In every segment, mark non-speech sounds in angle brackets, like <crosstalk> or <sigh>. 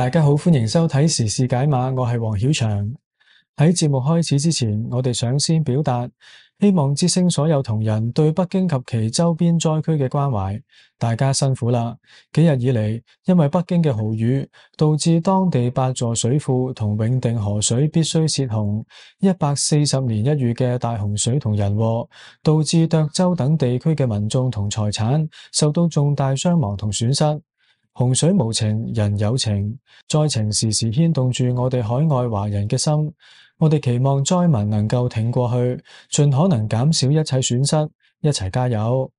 大家好，歡迎收睇時事解碼，我係黃曉翔。喺節目開始之前，我哋想先表達希望之聲所有同仁對北京及其周邊災區嘅關懷。大家辛苦啦！幾日以嚟，因為北京嘅豪雨，導致當地八座水庫同永定河水必須泄洪，一百四十年一遇嘅大洪水同人禍，導致涿州等地區嘅民眾同財產受到重大傷亡同損失。洪水無情，人有情。災情時時牽動住我哋海外華人嘅心。我哋期望災民能夠挺過去，盡可能減少一切損失，一齊加油。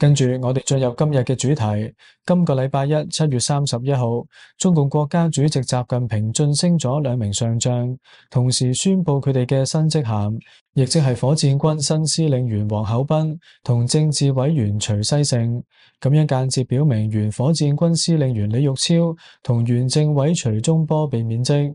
跟住，我哋進入今日嘅主題。今個禮拜一，七月三十一號，中共國家主席習近平晉升咗兩名上將，同時宣布佢哋嘅新職銜，亦即係火箭軍新司令員王厚斌同政治委員徐西盛。咁樣間接表明，原火箭軍司令員李玉超同原政委徐忠波被免職。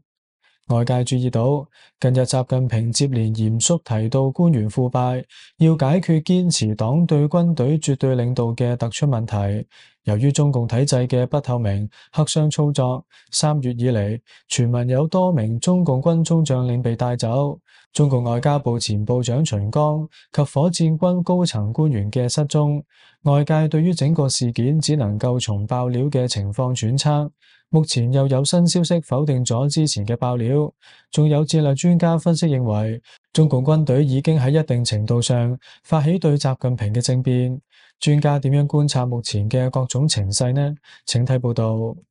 外界注意到，近日習近平接連嚴肅提到官員腐敗，要解決堅持黨對軍隊絕對領導嘅突出問題。由於中共體制嘅不透明、黑箱操作，三月以嚟，傳聞有多名中共軍中將領被帶走。中共外交部前部長秦剛及火箭軍高層官員嘅失蹤，外界對於整個事件只能夠從爆料嘅情況揣測。目前又有新消息否定咗之前嘅爆料，仲有戰略專家分析認為，中共軍隊已經喺一定程度上發起對習近平嘅政變。專家點樣觀察目前嘅各種情勢呢？請睇報道。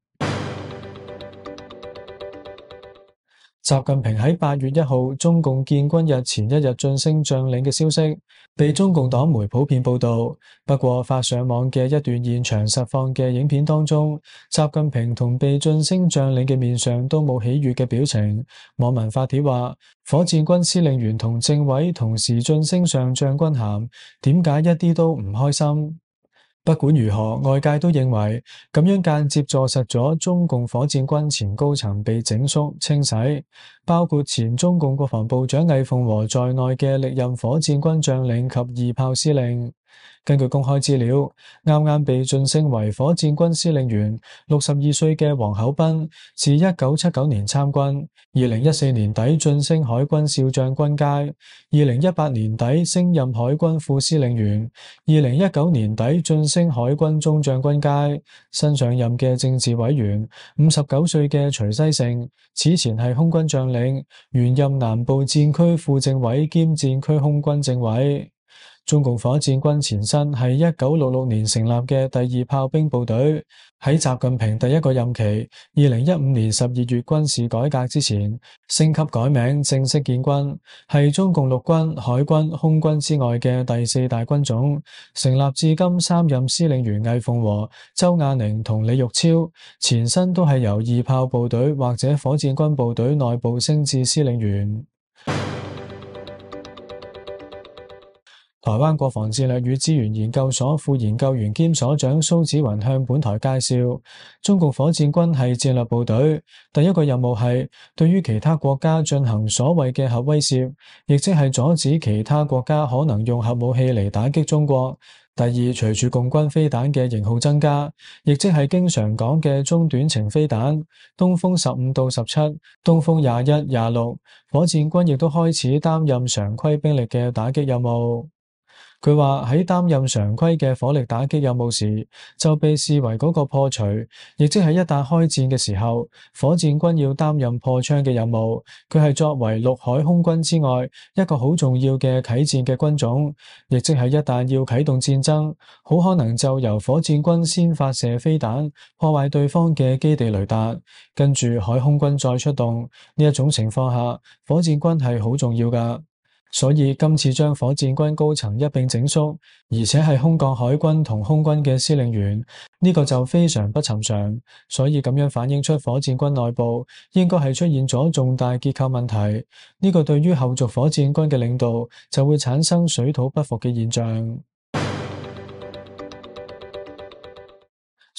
習近平喺八月一號中共建軍日前一日晉升將領嘅消息，被中共黨媒普遍報道。不過發上網嘅一段現場實況嘅影片當中，習近平同被晉升將領嘅面上都冇喜悅嘅表情。網民發帖話：火箭軍司令員同政委同時晉升上將軍銜，點解一啲都唔開心？不管如何，外界都認為咁樣間接坐實咗中共火箭軍前高層被整肅清洗，包括前中共國防部長魏鳳和在內嘅歷任火箭軍將領及二炮司令。根據公開資料，啱啱被晉升為火箭軍司令員六十二歲嘅王厚斌，自一九七九年參軍，二零一四年底晉升海軍少將軍階，二零一八年底升任海軍副司令員，二零一九年底晉升海軍中將軍階。新上任嘅政治委員五十九歲嘅徐西盛，此前係空軍將領，原任南部戰區副政委兼戰區空軍政委。中共火箭軍前身係一九六六年成立嘅第二炮兵部隊，喺習近平第一個任期二零一五年十二月軍事改革之前升級改名，正式建軍，係中共陸軍、海軍、空軍之外嘅第四大軍種。成立至今三任司令員魏鳳和、周亞寧同李玉超，前身都係由二炮部隊或者火箭軍部隊內部升至司令員。台灣國防戰略與資源研究所副研究員兼所長蘇紫雲向本台介紹：中共火箭軍係戰略部隊，第一個任務係對於其他國家進行所謂嘅核威懾，亦即係阻止其他國家可能用核武器嚟打擊中國。第二，隨住共軍飛彈嘅型號增加，亦即係經常講嘅中短程飛彈，東風十五到十七、東風廿一、廿六，火箭軍亦都開始擔任常規兵力嘅打擊任務。佢話喺擔任常規嘅火力打擊任務時，就被視為嗰個破除，亦即係一旦開戰嘅時候，火箭軍要擔任破窗嘅任務。佢係作為陸海空軍之外一個好重要嘅啟戰嘅軍種，亦即係一旦要啟動戰爭，好可能就由火箭軍先發射飛彈破壞對方嘅基地雷達，跟住海空軍再出動呢一種情況下，火箭軍係好重要噶。所以今次將火箭軍高層一併整肅，而且係空降海軍同空軍嘅司令員，呢個就非常不尋常。所以咁樣反映出火箭軍內部應該係出現咗重大結構問題，呢個對於後續火箭軍嘅領導就會產生水土不服嘅現象。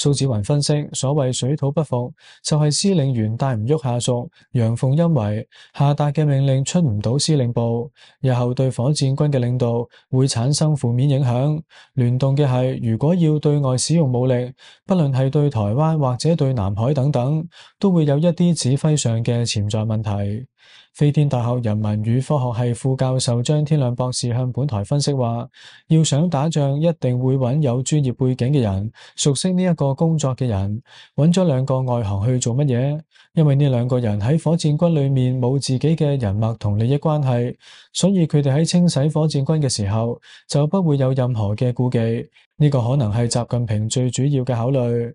蘇子雲分析，所謂水土不服，就係司令員帶唔喐下屬，陽奉陰違，下達嘅命令出唔到司令部，日後對火箭軍嘅領導會產生負面影響。聯動嘅係，如果要對外使用武力，不論係對台灣或者對南海等等，都會有一啲指揮上嘅潛在問題。飛天大學人文與科學系副教授張天亮博士向本台分析話：要想打仗，一定會揾有專業背景嘅人，熟悉呢一個工作嘅人。揾咗兩個外行去做乜嘢？因為呢兩個人喺火箭軍裏面冇自己嘅人脈同利益關係，所以佢哋喺清洗火箭軍嘅時候，就不會有任何嘅顧忌。呢個可能係習近平最主要嘅考慮。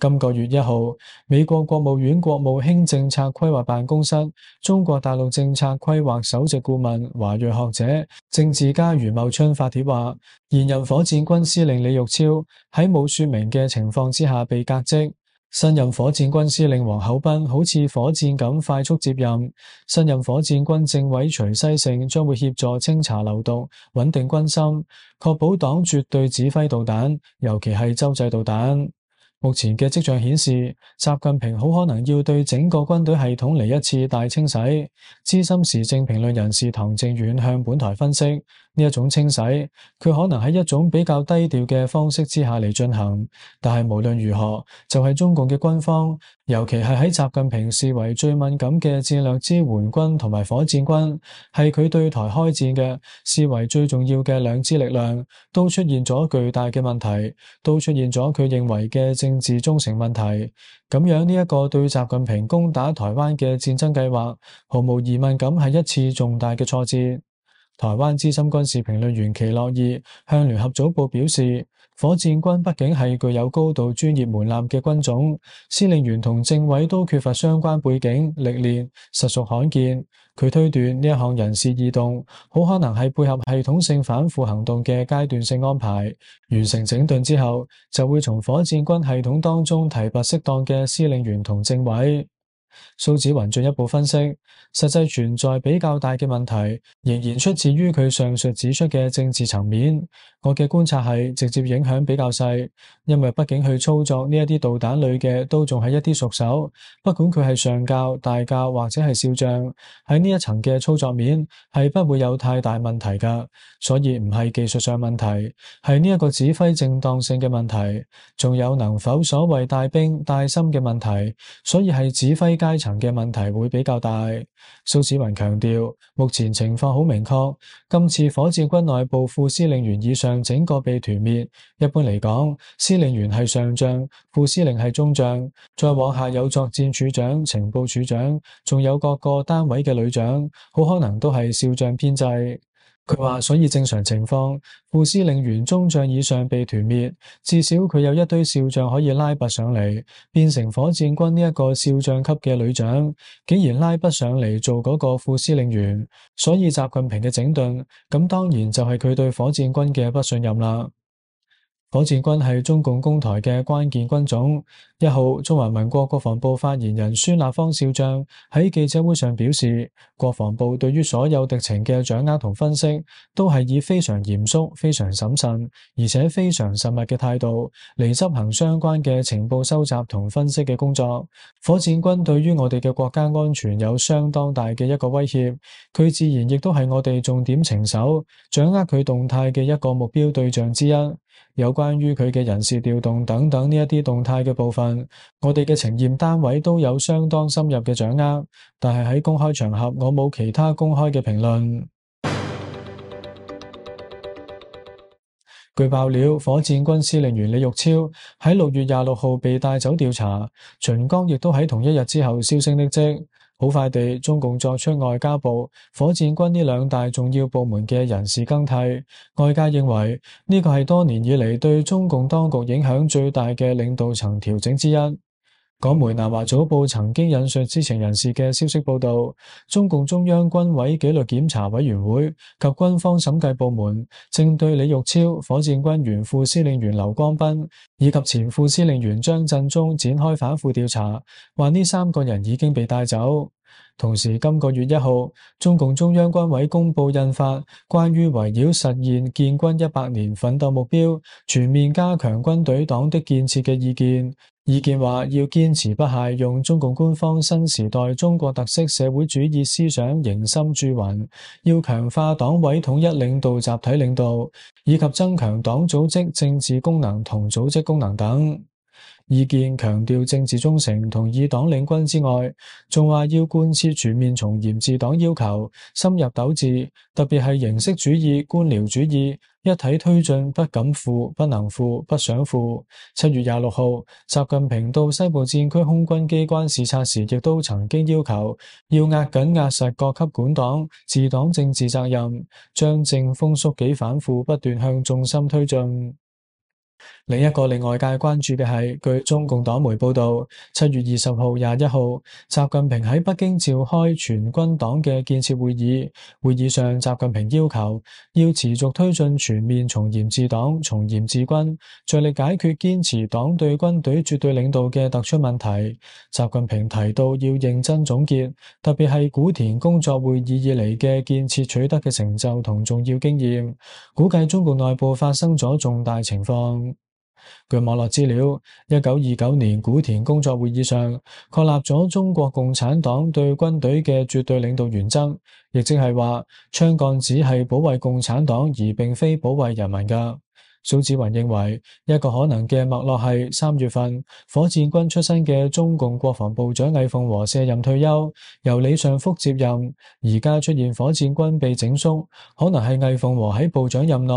今個月一號，美國國務院國務卿政策規劃辦公室中國大陸政策規劃首席顧問華裔學者、政治家余茂春發帖話：現任火箭軍司令李玉超喺冇說明嘅情況之下被革職，新任火箭軍司令王厚斌好似火箭咁快速接任，新任火箭軍政委徐西盛將會協助清查流毒，穩定軍心，確保黨絕對指揮導彈，尤其係洲際導彈。目前嘅跡象顯示，習近平好可能要對整個軍隊系統嚟一次大清洗。資深時政評論人士唐靖遠向本台分析。呢一種清洗，佢可能喺一種比較低調嘅方式之下嚟進行，但係無論如何，就係、是、中共嘅軍方，尤其係喺習近平視為最敏感嘅戰略支援軍同埋火箭軍，係佢對台開戰嘅視為最重要嘅兩支力量，都出現咗巨大嘅問題，都出現咗佢認為嘅政治忠誠問題。咁樣呢一、這個對習近平攻打台灣嘅戰爭計劃，毫無疑問咁係一次重大嘅挫折。台灣資深軍事評論員祁諾義向聯合早報表示，火箭軍畢竟係具有高度專業門檻嘅軍種，司令員同政委都缺乏相關背景歷練，實屬罕見。佢推斷呢一項人事異動，好可能係配合系統性反腐行動嘅階段性安排。完成整頓之後，就會從火箭軍系統當中提拔適當嘅司令員同政委。蘇子雲進一步分析，實際存在比較大嘅問題，仍然出自於佢上述指出嘅政治層面。我嘅觀察係直接影響比較細，因為畢竟去操作呢一啲導彈類嘅都仲係一啲熟手，不管佢係上校、大校或者係少將，喺呢一層嘅操作面係不會有太大問題㗎，所以唔係技術上問題，係呢一個指揮正當性嘅問題，仲有能否所謂帶兵帶心嘅問題，所以係指揮階層嘅問題會比較大。蘇紫雲強調，目前情況好明確，今次火箭軍內部副司令員以上。整個被團滅。一般嚟講，司令員係上將，副司令係中將，再往下有作戰處長、情報處長，仲有各個單位嘅旅長，好可能都係少將編制。佢話，所以正常情況，副司令員中將以上被團滅，至少佢有一堆少將可以拉拔上嚟，變成火箭軍呢一個少將級嘅旅長，竟然拉不上嚟做嗰個副司令員，所以習近平嘅整頓，咁當然就係佢對火箭軍嘅不信任啦。火箭軍係中共攻台嘅關鍵軍種。一號，中華民國國防部發言人孫立方少將喺記者會上表示，國防部對於所有敵情嘅掌握同分析，都係以非常嚴肅、非常審慎，而且非常慎密嘅態度嚟執行相關嘅情報收集同分析嘅工作。火箭軍對於我哋嘅國家安全有相當大嘅一個威脅，佢自然亦都係我哋重點情守、掌握佢動態嘅一個目標對象之一。有關於佢嘅人事調動等等呢一啲動態嘅部分，我哋嘅呈現單位都有相當深入嘅掌握，但係喺公開場合，我冇其他公開嘅評論。 <noise> 據爆料，火箭軍司令員李玉超喺六月廿六號被帶走調查，秦剛亦都喺同一日之後銷聲匿跡。好快地，中共作出外交部、火箭軍呢兩大重要部門嘅人事更替，外界認為呢個係多年以嚟對中共當局影響最大嘅領導層調整之一。港媒南華早報曾經引述知情人士嘅消息報道，中共中央軍委紀律檢查委員會及軍方審計部門正對李玉超、火箭軍原副司令員劉光斌以及前副司令員張振中展開反腐調查，話呢三個人已經被帶走。同時，今個月一號，中共中央軍委公布印發《關於圍繞實現建軍一百年奮鬥目標全面加強軍隊黨的建設嘅意見》。意見話要堅持不懈用中共官方新時代中國特色社會主義思想凝心鑄魂，要強化黨委統一領導、集體領導，以及增強黨組織政治功能同組織功能等。意見強調政治忠誠，同以黨領軍之外，仲話要貫徹全面從嚴治黨要求，深入糾治，特別係形式主義、官僚主義一體推進，不敢腐、不能腐、不想腐。七月廿六號，習近平到西部戰區空軍機關視察時，亦都曾經要求要壓緊壓實各級管黨治黨政治責任，將正風肅紀反腐不斷向縱深推進。另一個令外界關注嘅係，據中共黨媒報道，七月二十號廿一號，習近平喺北京召開全軍黨嘅建設會議。會議上，習近平要求要持續推進全面從嚴治黨、從嚴治軍，着力解決堅持黨對軍隊絕對領導嘅突出問題。習近平提到要認真總結，特別係古田工作會議以嚟嘅建設取得嘅成就同重要經驗。估計中共內部發生咗重大情況。據網絡資料，一九二九年古田工作會議上確立咗中國共產黨對軍隊嘅絕對領導原則，亦即係話槍桿子係保衛共產黨，而並非保衛人民㗎。蘇紫雲認為，一個可能嘅脈絡係三月份火箭軍出身嘅中共國防部長魏鳳和卸任退休，由李尚福接任。而家出現火箭軍被整肅，可能係魏鳳和喺部長任內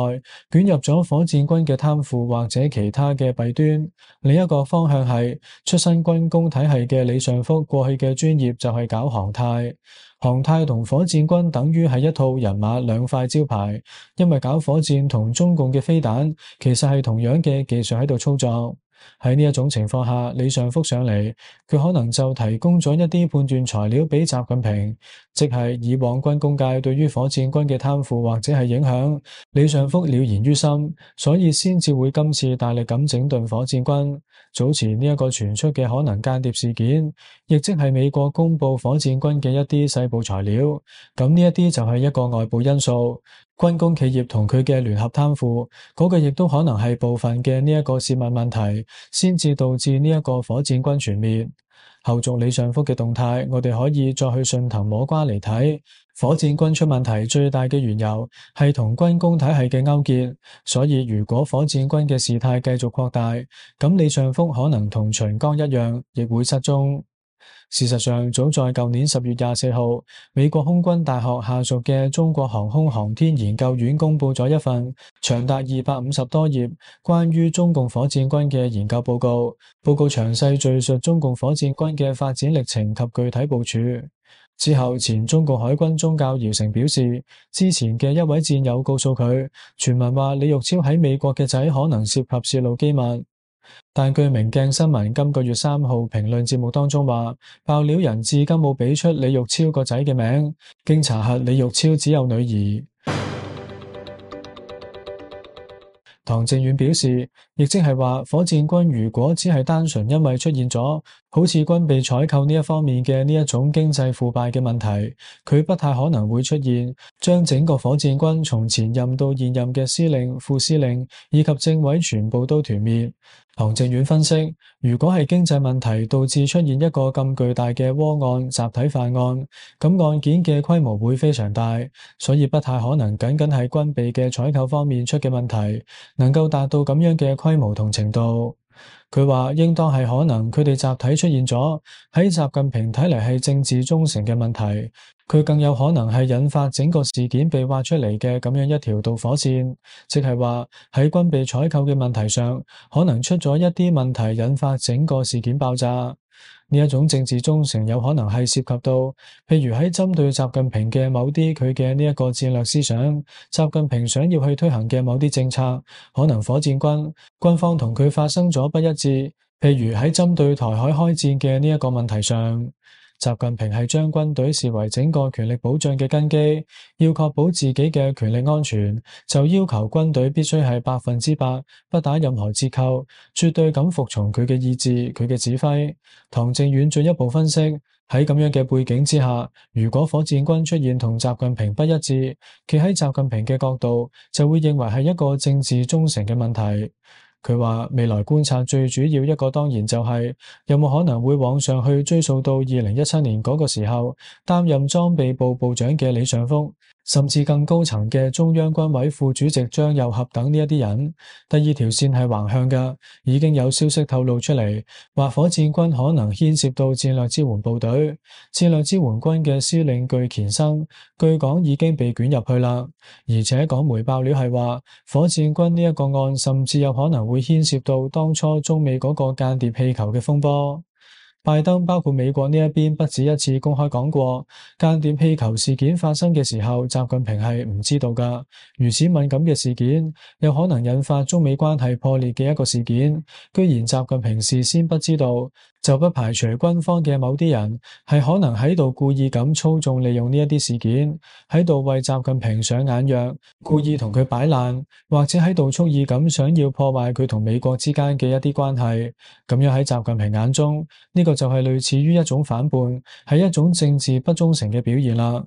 捲入咗火箭軍嘅貪腐或者其他嘅弊端。另一個方向係出身軍工體系嘅李尚福，過去嘅專業就係搞航太。航太同火箭軍等於係一套人馬兩塊招牌，因為搞火箭同中共嘅飛彈，其實係同樣嘅技術喺度操作。喺呢一種情況下，李尚福上嚟，佢可能就提供咗一啲判斷材料俾習近平，即係以往軍工界對於火箭軍嘅貪腐或者係影響，李尚福了然於心，所以先至會今次大力咁整頓火箭軍。早前呢一個傳出嘅可能間諜事件，亦即係美國公布火箭軍嘅一啲細部材料，咁呢一啲就係一個外部因素。軍工企業同佢嘅聯合貪腐，嗰個亦都可能係部分嘅呢一個洩密問題，先至導致呢一個火箭軍全滅。後續李尚福嘅動態，我哋可以再去順藤摸瓜嚟睇。火箭軍出問題最大嘅緣由係同軍工體系嘅勾結，所以如果火箭軍嘅事態繼續擴大，咁李尚福可能同秦剛一樣，亦會失蹤。事實上，早在舊年十月廿四號，美國空軍大學下屬嘅中國航空航天研究院公布咗一份長達二百五十多頁關於中共火箭軍嘅研究報告。報告詳細敘述中共火箭軍嘅發展歷程及具體部署。之後，前中國海軍中校姚成表示，之前嘅一位戰友告訴佢，傳聞話李玉超喺美國嘅仔可能涉及洩露機密。但據明鏡新聞今個月三號評論節目當中話，爆料人至今冇俾出李玉超個仔嘅名，經查核李玉超只有女兒。 <noise> 唐靖遠表示，亦即係話，火箭軍如果只係單純因為出現咗，好似軍備採購呢一方面嘅呢一種經濟腐敗嘅問題，佢不太可能會出現將整個火箭軍從前任到現任嘅司令、副司令以及政委全部都團滅。唐靖遠分析，如果係經濟問題導致出現一個咁巨大嘅窩案、集體犯案，咁案件嘅規模會非常大，所以不太可能僅僅係軍備嘅採購方面出嘅問題，能夠達到咁樣嘅規模同程度。佢話應當係可能，佢哋集體出現咗，喺習近平睇嚟，係政治忠誠嘅問題，佢更有可能係引發整個事件被挖出嚟嘅咁樣一條導火線，即係話喺軍備採購嘅問題上，可能出咗一啲問題，引發整個事件爆炸。呢一種政治忠誠有可能係涉及到，譬如喺針對習近平嘅某啲佢嘅呢一個戰略思想，習近平想要去推行嘅某啲政策，可能火箭軍軍方同佢發生咗不一致，譬如喺針對台海開戰嘅呢一個問題上。習近平係將軍隊視為整個權力保障嘅根基，要確保自己嘅權力安全，就要求軍隊必須係百分之百，不打任何折扣，絕對咁服從佢嘅意志、佢嘅指揮。唐正遠進一步分析，喺咁樣嘅背景之下，如果火箭軍出現同習近平不一致，企喺習近平嘅角度，就會認為係一個政治忠誠嘅問題。佢話未來觀察最主要一個，當然就係有冇可能會往上去追溯到二零一七年嗰個時候擔任裝備部部長嘅李尚福。甚至更高層嘅中央軍委副主席張又俠等呢一啲人。第二條線係橫向噶，已經有消息透露出嚟，話火箭軍可能牽涉到戰略支援部隊。戰略支援軍嘅司令巨乾生，據講已經被捲入去啦。而且港媒爆料係話，火箭軍呢一個案甚至有可能會牽涉到當初中美嗰個間諜氣球嘅風波。拜登包括美國呢一邊，不止一次公開講過，間諜氣球事件發生嘅時候，習近平係唔知道㗎。如此敏感嘅事件，有可能引發中美關係破裂嘅一個事件，居然習近平事先不知道。就不排除軍方嘅某啲人係可能喺度故意咁操縱利用呢一啲事件，喺度為習近平上眼藥，故意同佢擺爛，或者喺度蓄意咁想要破壞佢同美國之間嘅一啲關係，咁樣喺習近平眼中，呢個就係類似於一種反叛，係一種政治不忠誠嘅表現啦。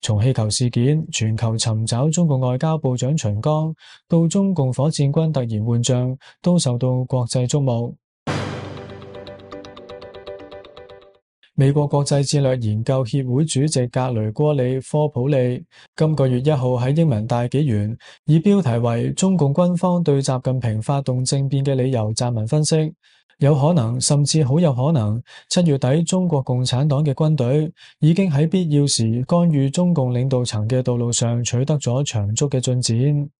從氣球事件、全球尋找中共外交部長秦剛，到中共火箭軍突然換將，都受到國際矚目。美國國際戰略研究協會主席格雷戈里科普利今個月一號喺英文大紀元，以標題為《中共軍方對習近平發動政變嘅理由》撰文分析，有可能甚至好有可能，七月底中國共產黨嘅軍隊已經喺必要時干預中共領導層嘅道路上取得咗長足嘅進展。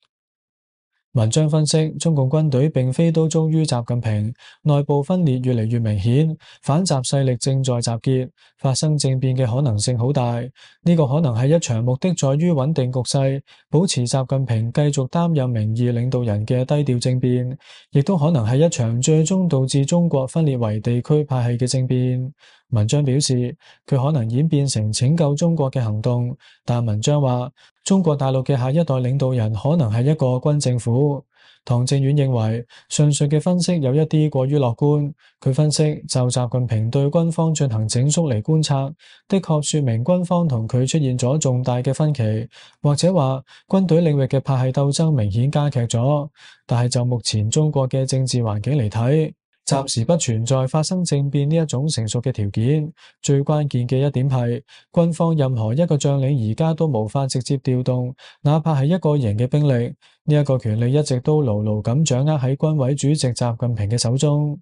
文章分析，中共軍隊並非都忠於習近平，內部分裂越嚟越明顯，反習勢力正在集結，發生政變嘅可能性好大。呢個可能係一場目的在於穩定局勢，保持習近平繼續擔任名義領導人嘅低調政變，亦都可能係一場最終導致中國分裂為地區派系嘅政變。文章表示，佢可能演變成拯救中國嘅行動，但文章話中國大陸嘅下一代領導人可能係一個軍政府。唐正遠認為上述嘅分析有一啲過於樂觀。佢分析就習近平對軍方進行整肅嚟觀察，的確說明軍方同佢出現咗重大嘅分歧，或者話軍隊領域嘅派系鬥爭明顯加劇咗。但係就目前中國嘅政治環境嚟睇，暫時不存在發生政變呢一種成熟嘅條件。最關鍵嘅一點係，軍方任何一個將領而家都無法直接調動，哪怕係一個人嘅兵力。呢、這、一個權力一直都牢牢咁掌握喺軍委主席習近平嘅手中。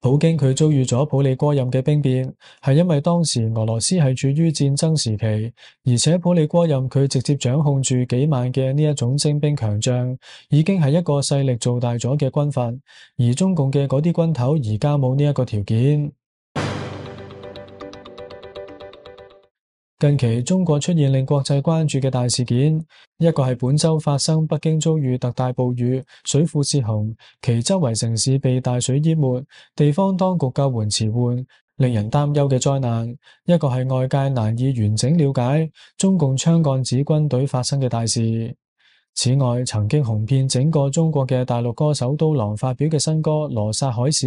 普京佢遭遇咗普里戈任嘅兵變，係因為當時俄羅斯係處於戰爭時期，而且普里戈任佢直接掌控住幾萬嘅呢一種精兵強將，已經係一個勢力做大咗嘅軍閥，而中共嘅嗰啲軍頭而家冇呢一個條件。近期中國出現令國際關注嘅大事件，一個係本周發生北京遭遇特大暴雨，水庫洩洪，其周圍城市被大水淹沒，地方當局救援遲緩，令人擔憂嘅災難；一個係外界難以完整了解中共槍桿子軍隊發生嘅大事。此外，曾經紅遍整個中國嘅大陸歌手刀郎發表嘅新歌《羅剎海市》，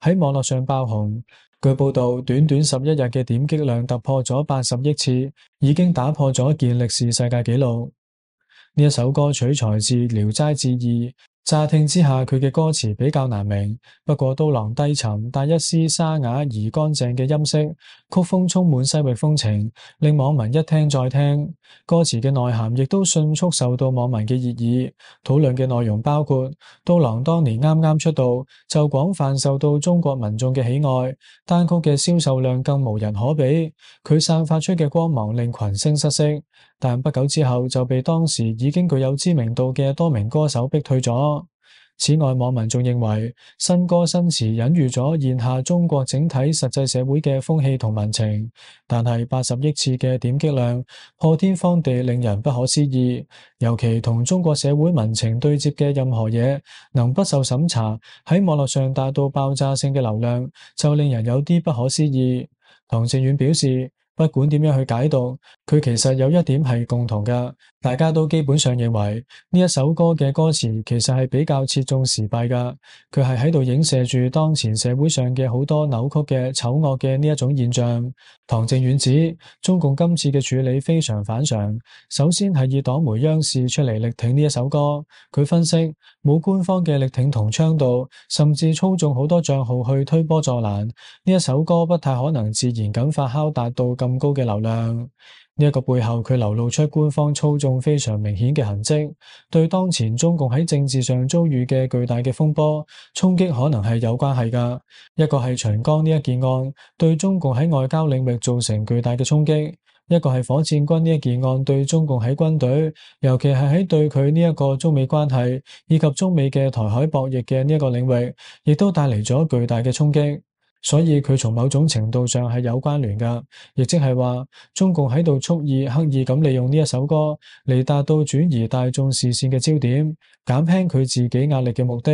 喺網絡上爆紅。據報道，短短十一日嘅點擊量突破咗八十億次，已經打破咗一件歷史世界紀錄。呢一首歌取材自《聊齋志異》。乍聽之下，佢嘅歌詞比較難明。不過刀郎低沉帶一絲沙啞而乾淨嘅音色，曲風充滿西域風情，令網民一聽再聽。歌詞嘅內涵亦都迅速受到網民嘅熱議。討論嘅內容包括刀郎當年啱啱出道就廣泛受到中國民眾嘅喜愛，單曲嘅銷售量更無人可比。佢散發出嘅光芒令群星失色。但不久之後就被當時已經具有知名度嘅多名歌手逼退咗。此外，網民仲認為新歌新詞隱喻咗現下中國整體實際社會嘅風氣同民情。但係八十億次嘅點擊量破天荒地令人不可思議。尤其同中國社會民情對接嘅任何嘢，能不受審查喺網絡上達到爆炸性嘅流量，就令人有啲不可思議。唐靖遠表示。不管點樣去解讀，佢其實有一點，係共同嘅。大家都基本上認為呢一首歌嘅歌詞其實係比較切中時弊㗎，佢係喺度影射住當前社會上嘅好多扭曲嘅醜惡嘅呢一種現象。唐靖遠指中共今次嘅處理非常反常，首先係以黨媒央視出嚟力挺呢一首歌，佢分析冇官方嘅力挺同倡導，甚至操縱好多帳號去推波助瀾，呢一首歌不太可能自然咁發酵達到咁高嘅流量。呢一個背後，佢流露出官方操縱非常明顯嘅痕跡，對當前中共喺政治上遭遇嘅巨大嘅風波衝擊，可能係有關係噶。一個係長江呢一件案，對中共喺外交領域造成巨大嘅衝擊；一個係火箭軍呢一件案，對中共喺軍隊，尤其係喺對佢呢一個中美關係以及中美嘅台海博弈嘅呢一個領域，亦都帶嚟咗巨大嘅衝擊。所以佢從某種程度上係有關聯噶，亦即係話中共喺度蓄意刻意咁利用呢一首歌嚟達到轉移大眾視線嘅焦點，減輕佢自己壓力嘅目的。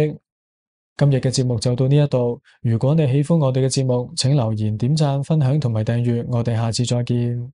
今日嘅節目就到呢一度。如果你喜歡我哋嘅節目，請留言、點讚、分享同埋訂閱。我哋下次再見。